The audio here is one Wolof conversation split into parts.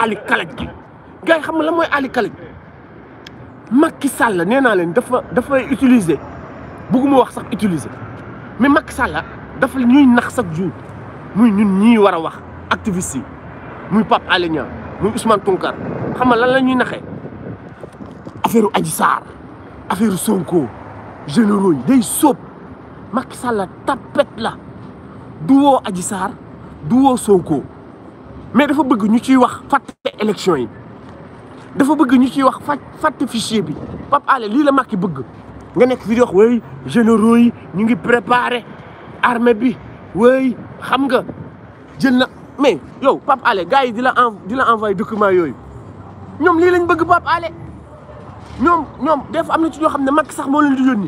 Ali Kalaj gi gars yi xam nga lan mooy Ali Kalaj Macky Sall nee naa leen dafa dafay utiliser bugguma wax sax utilise mais Macky Sall dafa ñuy nax sax jour muy ñun ñuy war a wax activiste yi muy Pape Alé Niang muy Ousmane Tounkara xam nga lan la ñuy naxee affaire aji Sarr affaire Sonko généraux yi day sóob Macky Sall tapet la du woo Adji Sarr du woo Sonko. mais dafa bëgg ñu ciy wax l'élection. élection yi dafa bëgg ñu ciy wax fatte fichier bi pap Alé la bëgg nga nekk fi ngi bi xam nga jël mais yow gars envoyé document yooyu ñoom lii lañ bëgg pap Alé ñoom ñoom def am ci sax leen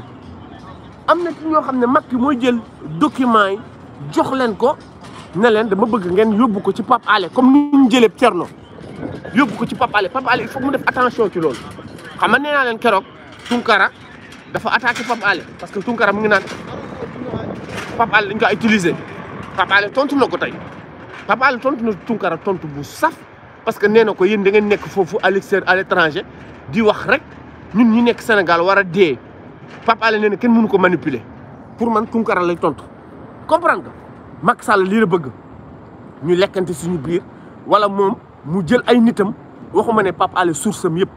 di ci document yi jox ne dama bëgg ngeen yóbbu ko ci Pape Alé comme ñu jëlee Thierno yóbbu ko ci pap il faut mu def attention ci loolu xam nga nee naa leen keroog Tunkara dafa attaquer Pape Alé parce que Tunkara mu ngi naan Pape Alé dañ ko utilisé Pape Alé tontu na ko tey Alé tontu na Tunkara tontu bu saf parce que nee ko da à à l'étranger di wax rek ñun ñi nekk Sénégal war a dee Alé nee na mënu ko manipuler pour man Tunkara lay tontu comprendre Macky Sall lii bëgg ñu lekkante suñu biir wala moom mu jël ay nitam waxuma ne Pape Alé source am yëpp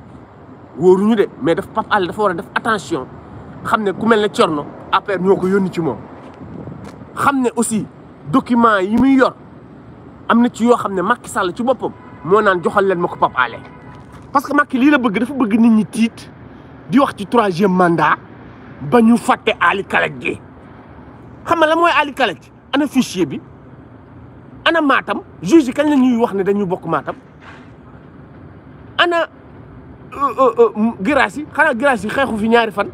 wóoruñu de mais daf Pape Alé dafa war a def attention xam ne ku mel ne Thierno après ñoo ko yónni ci moom. xam ne aussi document yi muy yor am na ci yoo xam ne Macky Sall ci boppam moo naan joxal leen ma ko Pape Alé parce que Macky lii la bëgg dafa bëgg nit ñi tiit di wax ci troisième mandat ba ñu fàtte Ali Kalaj gi xam nga la mooy Ali Kalaj ana fichier bi ana Matam juge yi kañ la ñuy wax ne dañuy bokk maatam ana euh, euh, euh, giraas yi xanaa giraas yi xeexu fi ñaari fan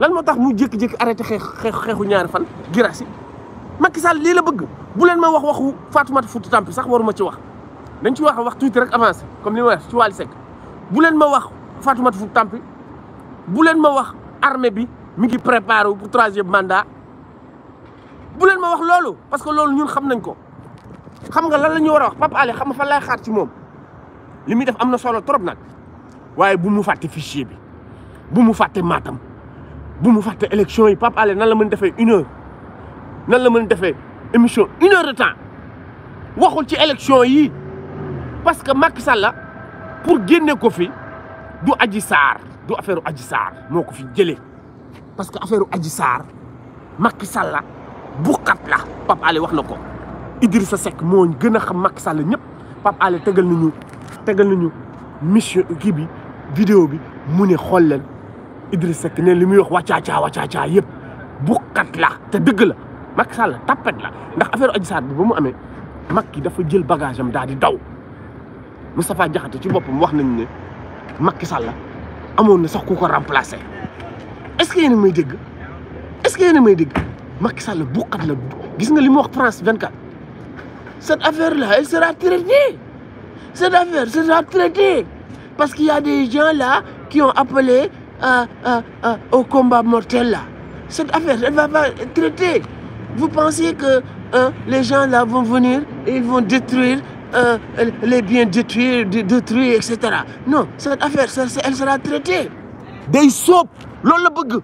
lan moo tax mu jékki-jékki arrêté xeex xeexu ñaari fan giraas yi Macky lii la bëgg bu leen ma wax waxu Fatoumata Fouta Tampi sax waruma ci wax dañ ci wax wax tuuti rek avancé comme li ma wax ci Wally Seck bu leen ma wax Fatoumata Fouta Tampi bu leen ma wax armée bi mi ngi préparé wu pour troisième mandat bu leen ma wax loolu parce que loolu ñun xam nañ ko xam nga lan la ñu war a wax Pape Alé xam ma fa laay xaar ci moom li muy def am na solo trop nag waaye bu mu fàtte fichier bi bu mu fàtte Matam bu mu fàtte élection yi Pape Alé nan la mën defee une heure nan la mën defee émission une heure de temps waxul ci élection yi parce que Macky Sall pour génne ko fi du aji Sarr du affaire Adji saar moo ko fi jëlee parce que affaire aji Sarr Macky Sall buqat la Pape Alé wax na ko sa Seck moo gën a xam Macky sàlla ñëpp Pape Alé tegal nañu tegal nañu mission kii bi vidéo bi mu ne xool leen Idrissa sekk ne li muy wax wàccaacaa wàccaacaa yëpp buqat la te dëgg la Macky Sall tapet la ndax affaire aj Sarr bi ba mu amee Macky dafa jël bagage am daal di daw Moustapha Diakhaté ci boppam wax nañu ne Macky Sall amoon na sax ku ko remplacer est-ce que yéen may dégg est-ce que may dégg. Macky Sall la France 24 cette affaire là elle sera traitée cette affaire sera traitée parce qu'il y a des gens là qui ont appelé euh, euh, euh, au combat mortel là. Cette affaire, elle va pas être traitée. Vous pensez que les gens là vont venir et ils vont détruire les biens détruits, détruire, etc. Non, cette affaire, elle sera traitée. Des sopes, l'on le bug.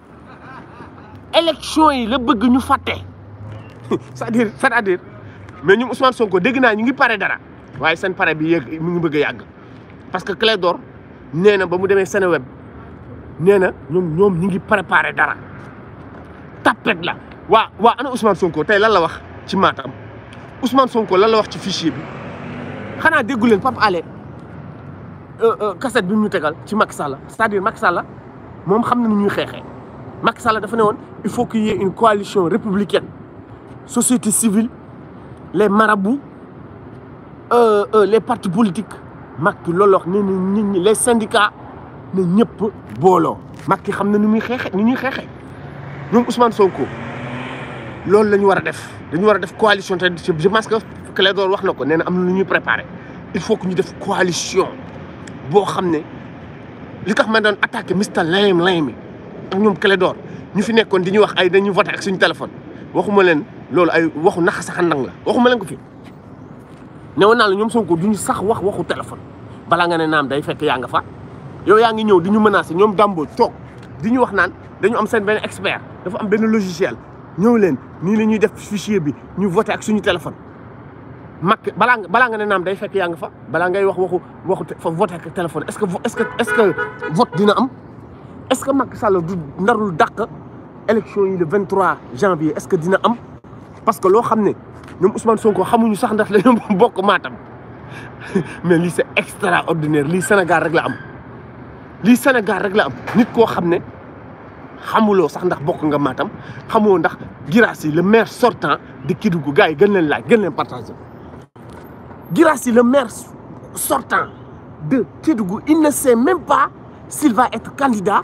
élection yi la bëgg ñu fatte c'est-à-dire c'est-à-dire mais ñun Ousmane Sonko dégg naa ñu ngi pare dara waaye seen pare bi yëg mu ngi bëgg a yàgg parce que Clédor nee na ba mu demee Seneweb nee na ñoom ñoom ñu ngi préparé dara tapet la waa waa ana Ousmane Sonko tey lan la wax ci Matam Ousmane Sonko lan la wax ci fichier bi xanaa déggu leen Pape Alé euh, euh, cassette bi mu ñu tegal ci Macky Sall c'est-à-dire Macky Sall moom xam na ñu xeexee. Macky Sall dafa ne woon il faut qu'il y ait une coalition républicaine société civile les marabouts euh, euh, les partis politiques Macky loolu wax les syndicats ne ñëpp bolo Macky xam na ni muy xeexe ñu ñuy xeexe ñoom Ousmane Sonko loolu lañu wara def dañu wara def coalition je pense que d'or wax nako néna am na lu ñuy préparer il faut que ñu def coalition bo xamné li tax ma doon attaquer Mr Layem Layem ak ñoom d'or ñu fi nekkon di ñu wax ay dañu voter ak suñu téléphone waxuma len lool ay waxu nax sax saxandang la waxuma len ko fi newoon na la ñoom Sonko duñu sax wax waxu téléphone bala nga ne naam day fekk ya nga fa yow ya nga ñëw di ñu menacer ñom dambo tok di ñu wax naan dañu am seen ben expert dafa am ben logiciel ñëw len ni la ñuy def fichier bi ñu voter ak suñu téléphone mak bala nga balaa nga ne naam day fekk yaa nga fa bala ngay wax waxu waxu fa voter ak téléphone est-ce que est-ce que est-ce que vote dina am est-ce que Macky Sall du narul élection le 23 janvier est-ce que dina am parce que lo xamné ne Ousmane Sonko xamuñu sax ndax dañoo bokk Matam mais li c'est extraordinaire li Sénégal rek la am li Sénégal rek la am nit ko xamné ne xamuloo sax ndax bokk nga Matam xamoo ndax Guirassy le maire sortant de Kédougou gars gën leen laaj gën leen partager Guirassy le maire sortant de Kédougou il ne sait même pas s'il va être candidat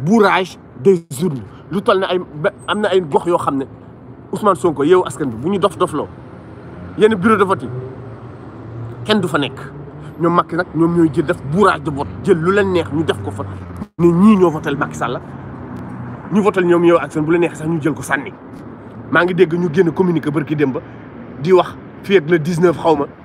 bourrage des urnes lu toll ne ay am na ay gox yoo xam ne Ousmane Sonko yow askan bi bu ñu dof dofloo yenn bureau de vote yi kenn du fa nekk ñoom Macky nag ñoom ñooy jël def bourrage de vote jël lu leen neex ñu def ko fa ne ñii ñoo votel Macky Sall ñu votel ñoom yow ak seen bu leen neex sax ñu jël ko sànni maa ngi dégg ñu génn communiqué barki démb di wax fii ak le 19 xaw ma